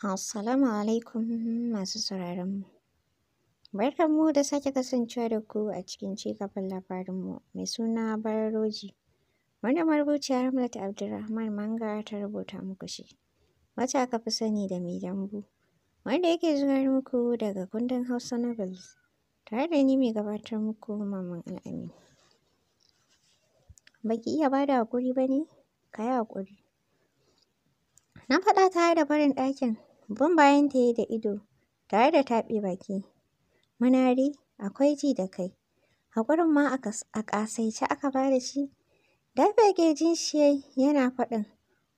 Assalamu alaikum masu mu barkan mu da sake kasancewa da ku a cikin cigaban labarinmu mai suna bararoji marubuci marubuciya Ramlat Abdulrahman Manga ta rubuta muku shi, Wata aka fi sani da mai dambu, wanda yake zuwa muku daga kundin Hausa Novels, tare da ni mai gabatar muku Maman Al'amin. Baki iya bada hakuri haƙuri ba ne? Ka yi haƙuri. Na faɗa tare da barin ɗakin Bin bayanta ya yi da ido tare da taɓe baki. Munari, akwai ji da kai. Haƙurin ma a ƙasaice aka ba da shi. Dafe ƙirjin shi yana faɗin,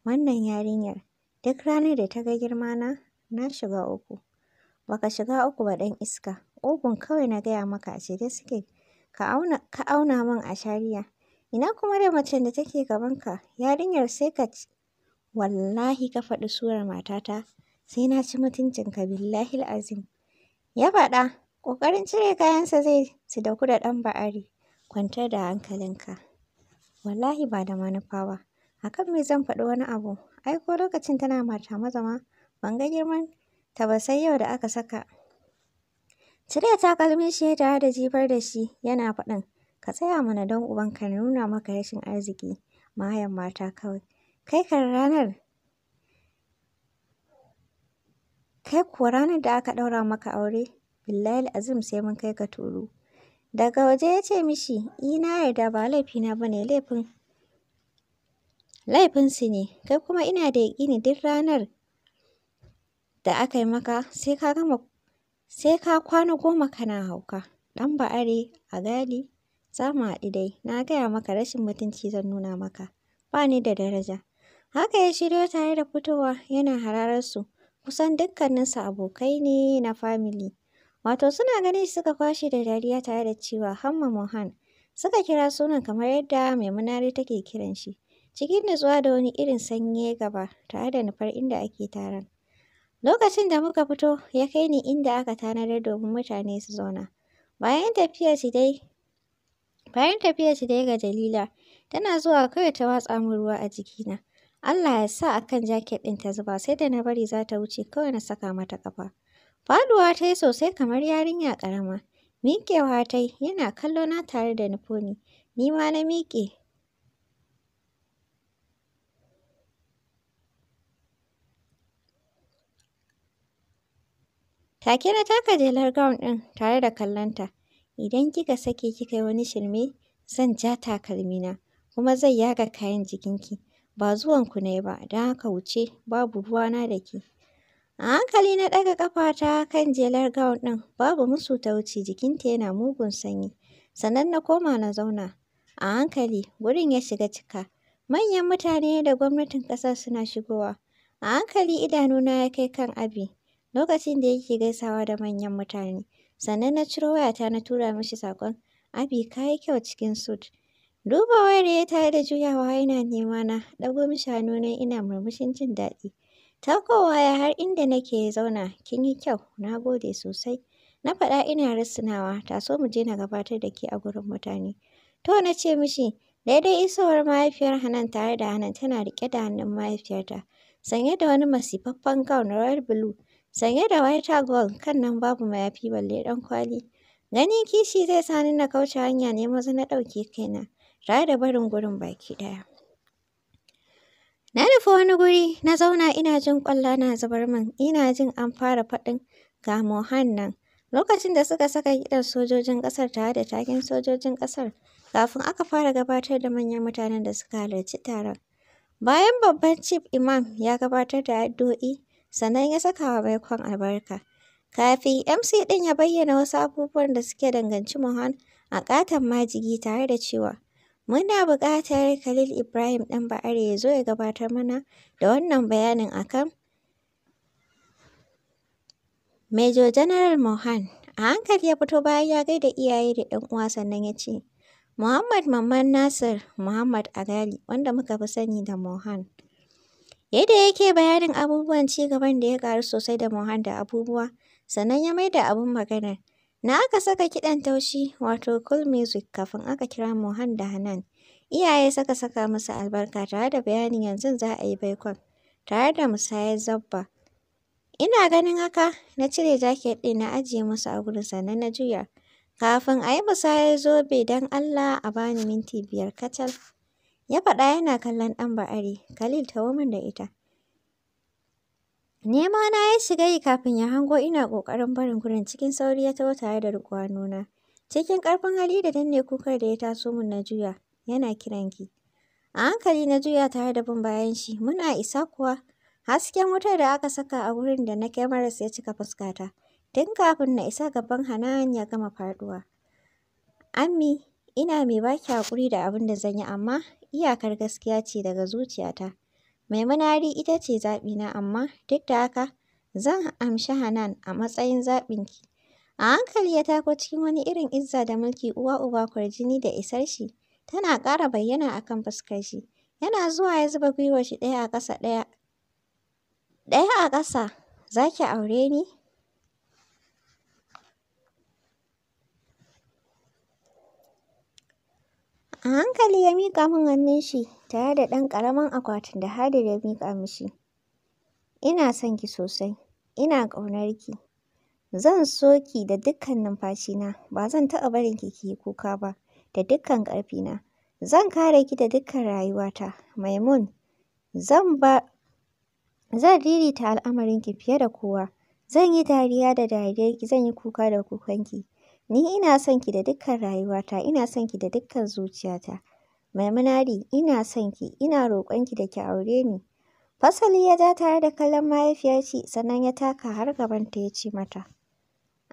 wannan yarinyar duk ranar da ta ga girmana, na shiga uku. Baka shiga uku ba ɗan iska, ugun kawai na gaya maka a shirye suke. Ka auna min a shariya. Ina kuma da macen da take gabanka, yarinyar sai ka ci. Wallahi ka faɗi surar matata. sai na ci mutuncin mutuncinka billahi azim. Ya faɗa, ƙoƙarin cire kayansa zai su da da ɗan ba'ari, kwantar da hankalinka. Wallahi ba da manufa ba, a kan me zan faɗi wani abu, ai ko lokacin tana mata maza ma, ban ga girman ta ba sai yau da aka saka. Cire takalmin shi ya tare da jifar da shi yana faɗin, ka tsaya mana don uban ka nuna maka rashin arziki, mahayan mata kawai. Kai kan ranar Kai kuwa ranar da aka ɗaura maka aure, billahi azim sai mun kai ka turu. Daga waje ya ce mishi, Ina yarda ba laifina ba ne laifin. Laifinsu ne, kai kuma ina da yaƙini duk ranar da aka yi maka sai ka gama sai ka kwana goma kana hauka. Ɗan ba'are a gali za mu haɗu dai, na gaya maka rashin mutunci zan nuna maka, ba ni da daraja. Haka ya shiryo tare da fitowa yana hararar su kusan dukkaninsu abokai ne na famili. Wato suna ganin suka kwashe da dariya tare da cewa Hamma Mohan. Suka kira sunan kamar yadda Maimunari take kiran shi. Cikin nutsuwa da wani irin sanyi gaba tare da nufar inda ake taron. Lokacin da muka fito ya kai ni inda aka tanadar domin mutane su zauna. Bayan tafiyar shi dai ga Jalila tana zuwa kawai ta watsa min ruwa a jikina. Allah ya sa akan jaket ɗin ta zuba sai da na bari za ta wuce kawai na saka mata ƙafa. Faɗuwa ta yi sosai kamar yarinya ƙarama. Miƙewa ta yi yana kallo na tare da nufoni. Ni ma na miƙe. Take na taka jelar gown ɗin tare da kallonta. Idan kika sake kika yi wani shirme, zan ja takalmina, kuma zai yaga kayan jikinki. Ba zuwanku ne ba, don haka wuce, babu ruwana da ke. A hankali na ɗaga ƙafata kan jelar gawun ɗin, babu musu ta wuce, jikinta yana mugun sanyi. Sannan na koma na zauna. A hankali, wurin ya shiga cika. Manyan mutane da gwamnatin ƙasa suna shigowa. A hankali idanuna ya kai kan Abi, lokacin da yake gaisawa da manyan mutane. Sannan na ciro wayata na tura mishi saƙon, Abi ka yi kyau cikin sut. Duba wayar ya tare da juyawa yana nema na, ɗago mishi hannu na ina murmushin jin daɗi. Ta kowa ya har inda nake zauna, kin yi kyau, na gode sosai. Na faɗa ina risinawa, taso mu je na gabatar da ke a gurin mutane. To na ce mishi, daidai isowar mahaifiyar Hanan tare da Hanan tana riƙe da hannun mahaifiyarta, sanye da wani masifaffen gown royal blue, sanye da white gown kan nan babu mayafi balle ɗan kwali. Ganin kishi zai sa ni na kauce hanya ne maza na ɗauke kaina. Rada barin gurin baki ɗaya. Na nufi wani guri na zauna ina jin ƙwalla na zubar min ina jin an fara faɗin ga Mohan nan. Lokacin da suka saka gidan sojojin ƙasar tare da taken sojojin ƙasar kafin aka fara gabatar da manyan mutanen da suka halarci taron. Bayan babban chief imam ya gabatar da addu'o'i sannan ya saka wa baikon albarka. Kafin MC ɗin ya bayyana wasu abubuwan da suke danganci Mohan a ƙaton majigi tare da cewa Muna buƙatar Khalil Ibrahim ɗan Ba'are ya zo ya gabatar mana da wannan bayanin a kan Major General Mohan. A hankali ya fito bayan ya gaida iyaye da ‘yan uwa sannan ya ce, Muhammad Mamman Nasir Muhammad Agali wanda muka fi sani da Mohan. Yadda yake bayanin abubuwan ci gaban da ya ƙaru sosai da Mohan da abubuwa, sannan ya mai da abun maganar. Na aka saka kiɗan taushi wato cool music kafin aka kira Mohan da Hanan. Iyaye saka saka musu albarka tare da bayanin yanzu za a yi baikon tare da musayar zabba. Ina ganin haka na cire jaket ɗin na ajiye musu a gurin sannan na juya. Kafin a yi musayar zobe don Allah a bani minti biyar kacal. Ya faɗa yana kallon ɗan ba'ari, Khalil taho min da ita. Nema na ya shiga yi kafin ya hango ina ƙoƙarin barin gurin cikin sauri ya taho tare da riƙo Cikin ƙarfin hali da danne kukar da ya taso min na juya, yana kiran ki. A hankali na juya tare da bin bayan shi, muna isa kuwa. Hasken wutar da aka saka a wurin da na kyamaras ya cika fuskata. Tun kafin na isa gaban hanayen ya gama faduwa. Ami, ina mai baki haƙuri da abin da zan yi amma iyakar gaskiya ce daga zuciyata. Maimunari ita ce zaɓina amma duk da haka zan amshi Hanan a matsayin zaɓinki. A hankali ya tako cikin wani irin izza da mulki uwa uba kwarjini da isar shi tana ƙara bayyana akan kan fuskar shi. Yana zuwa ya zuba gwiwar shi ɗaya a ƙasa ɗaya. Ɗaya a ƙasa, za ki aure ni? A hankali ya mika min hannun shi tare da ɗan ƙaramin akwatin da Hadir ya miƙa mishi. Ina son ki sosai, ina ƙaunar ki. Zan so ki da dukkan numfashina, ba zan taɓa barin ki ki yi kuka ba, da dukkan ƙarfina. Zan kare ki da dukkan rayuwata, Maimun. Zan ba zan ririta al'amarinki fiye da kowa. Zan yi dariya da dariyarki, zan yi kuka da kukanki. Ni ina son ki da dukkan rayuwata, ina son ki da dukkan zuciyata. Maimunadi, ina son ki, ina roƙon ki da ki aure ni. Fasali ya ja tare da kallon mahaifiyar shi sannan ya taka har gabanta ya ce mata,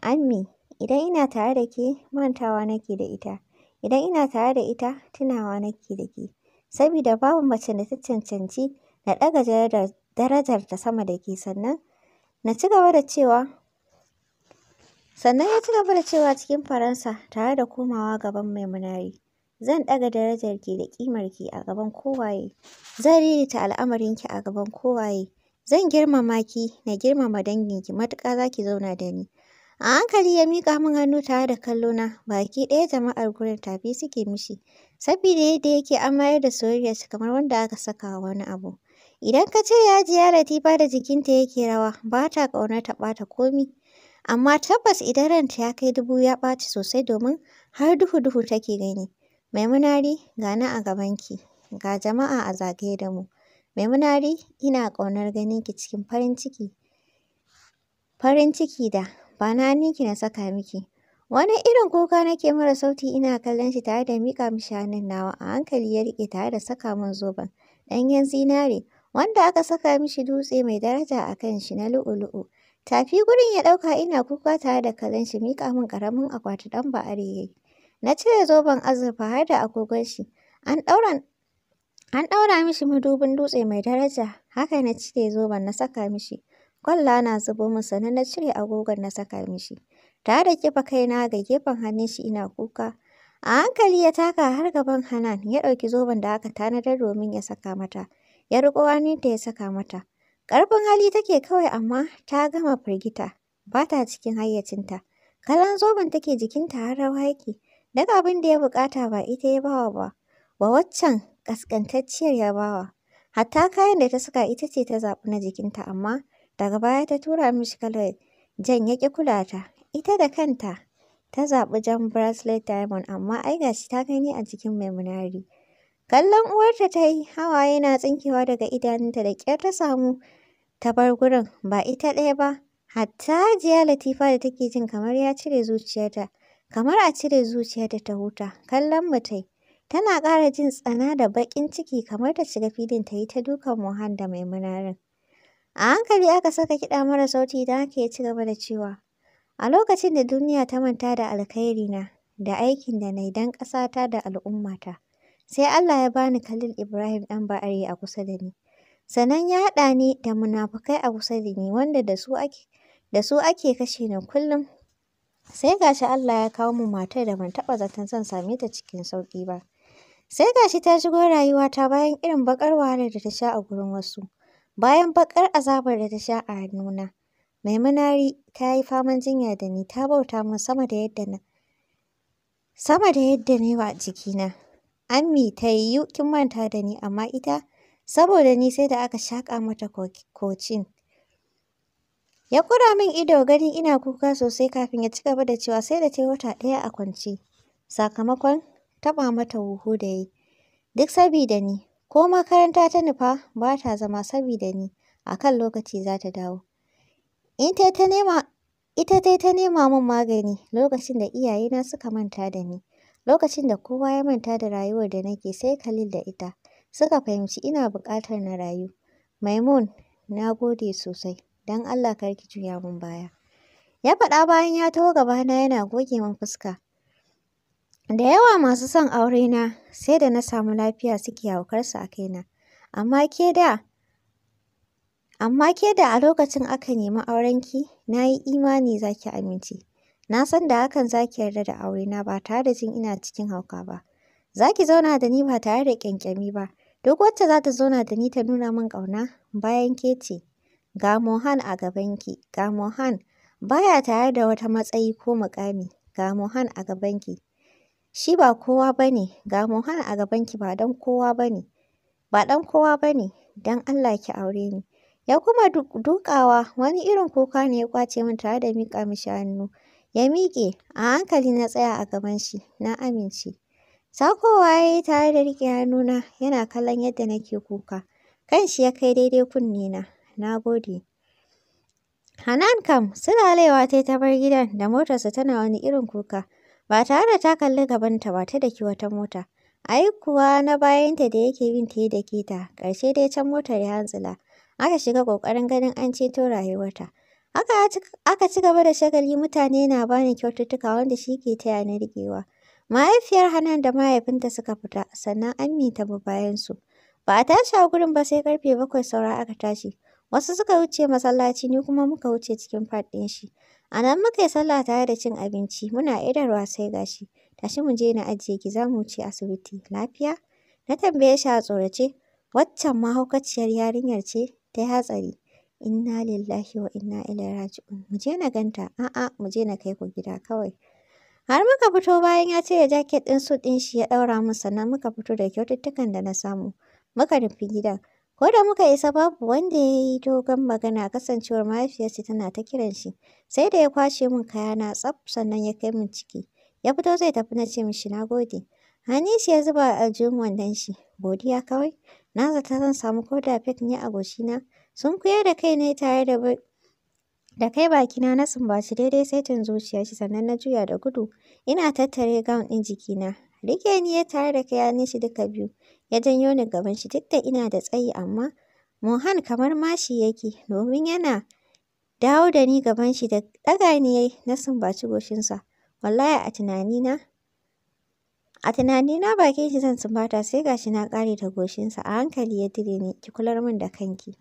Ammi, idan ina tare da ke mantawa nake da ita, idan ina tare da ita tunawa nake da ke, saboda babu mace da ta cancanci na ɗaga darajarta sama da ke sannan na ci gaba da cewa Sannan ya ci gaba da cewa cikin Faransa tare da komawa gaban Maimunari, zan ɗaga darajarki da ƙimarki a gaban kowaye, zan ririta al'amarinki a gaban kowaye, zan girmama ki na girmama danginki matuka za ki zauna da ni. A hankali ya miƙa min hannu tare da kallona, baki ɗaya jama'ar gurin tafi suke mishi, saboda yadda yake amayar da soyayyarsa kamar wanda aka saka wa wani abu. Idan ka ce ya ji ya latifa da jikinta yake rawa, ba ta ƙaunar ta ɓata komi. Amma tabbas idan ranta ya kai dubu ya ɓaci sosai domin har duhu-duhu take gani. Maimunari ga na a gabanki, ga jama'a a zagaye da mu. Maimunari ina ƙaunar ganinki cikin farin ciki, farin ciki da ba na na saka miki. Wani irin kuka nake mara sauti ina kallon shi tare da miƙa mishi hannun nawa a hankali ya riƙe tare da saka min zoben ɗanyen zinare wanda aka saka mishi dutse mai daraja a kan shi na lu'u-lu'u. Tafi gurin ya ɗauka ina kuka tare da kallon shi miƙa min ƙaramin akwati ɗan ba'are ya yi. Na cire zoben azurfa har da agogon shi. An ɗaura an ɗaura mishi madubin dutse mai daraja. Haka na cire zoben na saka mishi. Kwalla na zubo min sannan na cire agogon na saka mishi. Tare da kifa kaina ga gefen hannun shi ina kuka. A hankali ya taka har gaban Hanan ya ɗauki zoben da aka tanadar domin ya saka mata. Ya riƙo hannunta ya saka mata. Ƙarfin hali take kawai amma ta gama firgita, ba ta cikin hayyacinta. Kallon zoben take jikinta har rawa yake, Daga abin da ya buƙata ba ita ya bawa ba, wa waccan ƙasƙantacciyar ya bawa. Hatta kayan da ta saka ita ce ta zaɓi na jikinta amma daga baya ta tura mishi kalar jan ya ƙi kula ta. Ita da kanta ta zaɓi jan bracelet diamond amma ai ga ta gani a jikin mai munari. Kallon uwarta ta yi hawaye na tsinkewa daga idanunta da ƙyar ta samu ta bar gurin ba ita ɗaya ba hatta Hajiya Latifa da take jin kamar ya cire zuciyarta kamar a cire zuciyarta ta huta kallon mu tana ƙara jin tsana da baƙin ciki kamar ta shiga filin ta yi ta dukan Mohan da Maimuna a hankali aka saka kiɗa mara sauti don haka ya ci gaba da cewa a lokacin da duniya ta manta da alkhairi na da aikin da na yi don ƙasata da al'ummata sai Allah ya bani Khalil Ibrahim ɗan ba'ari a kusa da ni Sannan ya haɗa ni da munafukai a kusa da ni wanda da su ake da su ake kashe ni kullum. Sai ga shi Allah ya kawo mu matar da ban taɓa zaton zan same ta cikin sauƙi ba. Sai gashi ta shigo rayuwata bayan irin baƙar wahalar da ta sha a gurin wasu, bayan baƙar azabar da ta sha a hannuna. Maimunari ta yi faman jinya da ni ta bauta min sama da yadda na sama da yadda na wa jikina. Ammi ta yi kin manta da ni amma ita saboda ni sai da aka shaƙa mata kocin. Ya kura min ido ganin ina kuka sosai kafin ya ci gaba da cewa sai da ta yi wata ɗaya a kwance, sakamakon taɓa mata huhu da yi. Duk sabida ni, ko makaranta ta nufa ba ta zama sabida ni, a kan lokaci za ta dawo. In tai ta nema, ita ta ta nema min magani lokacin da iyayena suka manta da ni, lokacin da kowa ya manta da rayuwar da nake sai Khalil da ita. Suka fahimci ina buƙatar na rayu. Maimun, na gode sosai, don Allah karki juya min baya. Ya faɗa bayan ya taho gabana yana goge min fuska. Da yawa masu son aurena sai da na samu lafiya suke su a kaina. Amma ke da Amma ke da a lokacin aka nemi aurenki, na yi imani za ki amince. Na san da hakan za ki yarda da aurena ba tare da jin ina cikin hauka ba. Za ki zauna da ni ba tare da ƙyanƙyami ba. Duk wacce za ta zauna da ni ta nuna min ƙauna bayan ke ce, ga Mohan a gabanki, ga Mohan baya tare da wata matsayi ko muƙami, ga Mohan a gabanki. Shi ba kowa ba ne, ga Mohan a gabanki ba don kowa ba ne, ba kowa ba ne, don Allah ki aure ni. Ya kuma dukawa wani irin kuka ne ya kwace min tare da miƙa mishi hannu. Ya miƙe, a hankali na tsaya a gaban shi, na amince. Sakowa ya yi tare da riƙe hannuna yana kallon yadda nake kuka. Kanshi ya kai daidai kunnena. Na gode. Hanan kam sulalewa ta yi ta bar gidan da motarsa tana wani irin kuka. Ba tare da ta kalli gabanta ba ta daki wata mota. Ai kuwa na bayanta da yake bin ta ya da ta. Ƙarshe dai can motar ya hantsila. Aka shiga ƙoƙarin ganin an ceto rayuwarta. aka ci gaba da shagali mutane na bani kyaututtuka wanda shi ke taya ni riƙewa. Mahaifiyar Hanan da mahaifinta suka fita, sannan Ammi ta bi bayansu. Ba a tashi a gurin ba sai karfe bakwai saura aka tashi. Wasu suka wuce masallaci ni kuma muka wuce cikin faɗin shi. A nan muka yi sallah tare da cin abinci, muna idarwa sai gashi. Tashi mu je na ajiye ki za mu wuce asibiti. Lafiya? Na tambaye shi a tsorace. Waccan mahaukaciyar yarinyar ce ta hatsari. Inna lillahi wa inna ilaihi raji'un. Mu je na ganta. A'a, mu je na kai ku gida kawai. Har muka fito bayan ya cire jaket ɗin su ɗin shi ya ɗaura mun sannan muka fito da kyaututtukan da na samu. Muka rufe gidan. Ko da muka isa babu wanda ya yi dogon magana kasancewar mahaifiyarsa tana ta kiran shi. Sai da ya kwashe mun kayana tsaf sannan ya kai mun ciki. Ya fito zai tafi na ce mishi na gode. Hanisu ya zuba a aljihun wandon shi. Godiya kawai. Na zata zan samu ko da fek ne a goshina. Sun kuyar da kai ne tare da Da kai bakina na sumbaci daidai saitin zuciyarshi sannan na juya da gudu. Ina tattare gown ɗin jikina. Rike ni ya tare da kayanin shi duka biyu. Ya janyo ni gaban shi duk da ina da tsayi amma Mohan kamar mashi yake domin yana dawo da ni gaban shi da ɗaga ni na sumbaci goshinsa. Wallahi a tunanina A tunanina bakin shi zan sumbata sai gashi na kare da goshinsa a hankali ya dire ni ki kular min da kanki.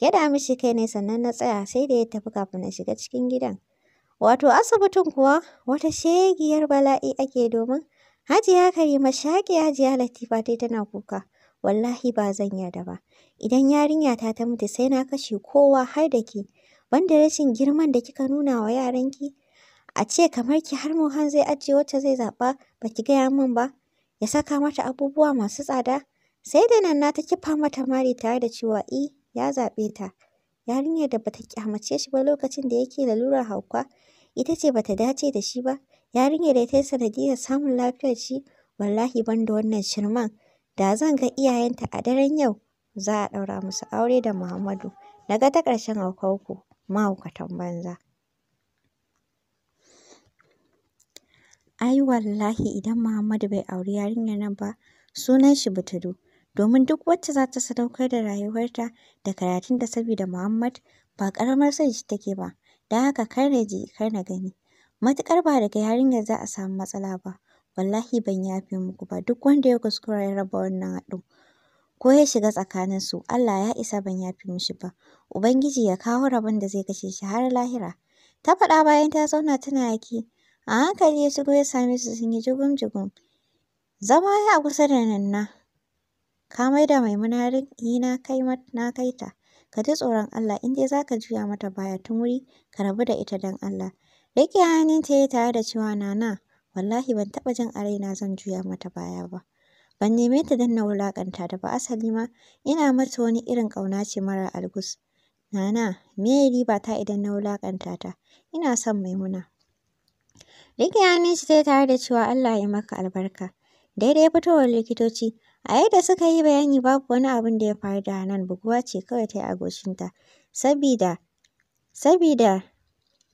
Gyada mishi kai ne sannan na tsaya sai da ya tafi kafin na shiga cikin gidan. Wato asibitin kuwa wata shegiyar bala'i ake domin Hajiya Karima shaƙi Hajiya Latifa ta tana kuka. Wallahi ba zan yarda ba. Idan yarinya ta ta mutu sai na kashe kowa har da ke. Banda rashin girman da kika nuna wa yaranki. A ce kamar ki har Mohan zai ajiye wacce zai zaɓa ba ki gaya min ba. Ya saka mata abubuwa masu tsada. Sai da nan na ta kifa mata mari tare da cewa i eh, ya zaɓe ta. Yarinyar da bata kyamace shi ba lokacin da yake lalurar hauka, ita ce bata dace da shi ba. Yarinyar da ta yi sanadiyyar samun lafiyar shi, wallahi ban da wannan shirman. Da zan ga iyayenta a daren yau, za a ɗaura musu aure da Muhammadu. Na ga ta ƙarshen haukarku, mahaukatan banza. Ai wallahi idan Muhammadu bai auri yarinyar nan ba, sunan shi butudu. domin duk wacce za ta sadaukar da rayuwarta da karatun da saboda Muhammad ba ƙaramar son shi take ba, don haka kar na ji kar na gani. Matukar ba daga yarinyar za a samu matsala ba, wallahi ban yafe muku ba duk wanda ya kuskura ya raba wannan haɗu. Ko ya shiga tsakanin su Allah ya isa ban yafe mishi ba, Ubangiji ya kawo rabon da zai kashe shi har lahira. Ta faɗa bayan ta zauna tana yaki, a hankali ya shigo ya same su sun yi jugum-jugum. Zama ya kusa da nan na? Ka mai da Maimuna ni na kai ta, ka ji tsoron Allah in dai za juya mata baya tun wuri ka rabu da ita dan Allah. rike hannun ta yi tare da cewa Nana, wallahi ban taɓa jin a raina zan juya mata baya ba. Ban neme ta dan na wulaƙanta da ba, asali ma ina mata wani irin ƙauna ce mara algus. Nana, me riba ta idan na wulaƙanta ta? Ina son Maimuna. rike hannunta ta yi tare da cewa Allah ya maka albarka. Daidai fitowar likitoci, A yadda suka yi bayani babu wani abun da ya faru da Hanan buguwa ce kawai ta yi a sabida sabida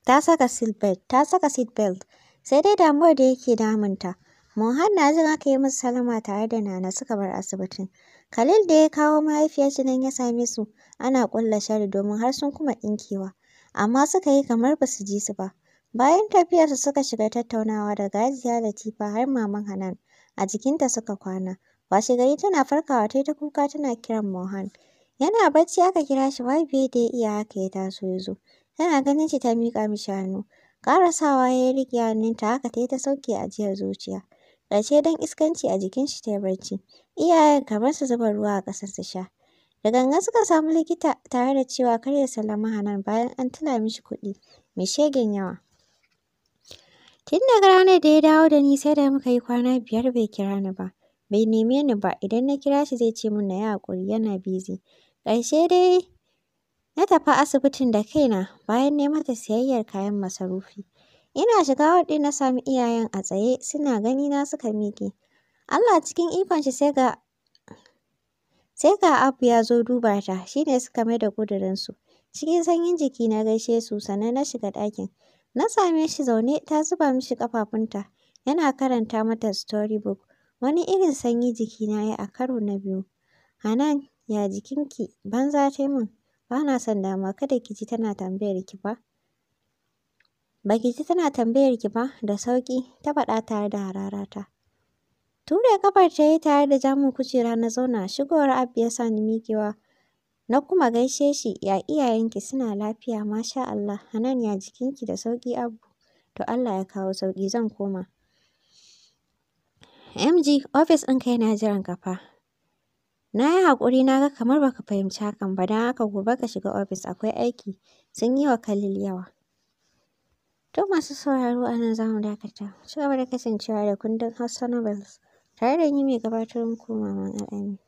ta saka seatbelt ta saka seatbelt sai dai damuwar da yake damunta. Mohan na jin aka yi musu salama tare da Nana suka bar asibitin. Khalil da ya kawo mahaifiyar shi nan ya same su ana ƙulla shari domin har sun kuma ɗinkewa amma suka yi kamar ba su ji su ba. Bayan tafiyarsu suka shiga tattaunawa da Gajiya Latifa har maman Hanan a jikinta suka kwana. gari tana farkawa tai ta kuka tana kiran Mohan. Yana bacci aka kira shi babu yadda ya iya haka ya taso ya zo. Tana ganin shi ta miƙa mishi hannu. Ƙarasawa ya yi riƙe hannunta haka ta yi ta sauke ajiyar zuciya. Ƙarshe don iskanci a jikin shi ta yi barci. Iyayen kamar su zuba ruwa a ƙasa su sha. Da gangan suka samu likita tare da cewa kar ya sallama Hanan bayan an tuna mishi kuɗi mai shegen yawa. Tun daga ranar da ya dawo da ni sai da muka yi kwana biyar bai kira ni ba. Bai neme ni ba, idan na kira shi zai ce min na yi haƙuri yana busy. Ƙarshe dai na tafi asibitin da kaina bayan na yi mata siyayyar kayan masarufi. Ina shiga ward ɗin na sami iyayen a tsaye suna na suka miƙe. Allah cikin ikon shi sai ga sai ga Abu ya zo duba ta shi ne suka mai da ƙudurinsu. Cikin sanyin jiki na gaishe su sannan na shiga ɗakin. Na same shi zaune ta zuba mishi ƙafafunta yana karanta mata story book. Wani irin sanyi jiki na yi a karo na biyu. Hanan, ya jikinki? Banza tai min. Ba na son damuwa, kada ki ji tana tambayar ki ba. Ba ki ji tana tambayar ki ba, da sauƙi, ta faɗa tare da hararata. Ture ƙafar ta yi tare da ja kujera na zauna, shigowar abu ya sa ni miƙewa. Na kuma gaishe shi, ya iyayenki suna lafiya, masha Allah. Hanan, ya jikinki? Da sauƙi abu. To Allah ya kawo sauƙi, zan koma. MG ofis kai na jiran ka fa. Na yi haƙuri na ga kamar baka fahimci hakan ba don haka gobe ka shiga ofis akwai aiki sun yi wa Khalil yawa. To masu sauraro a nan za dakata. Ci gaba da kasancewa da kundin Hausa Novels tare da yi mai gabatar muku Maman al'ami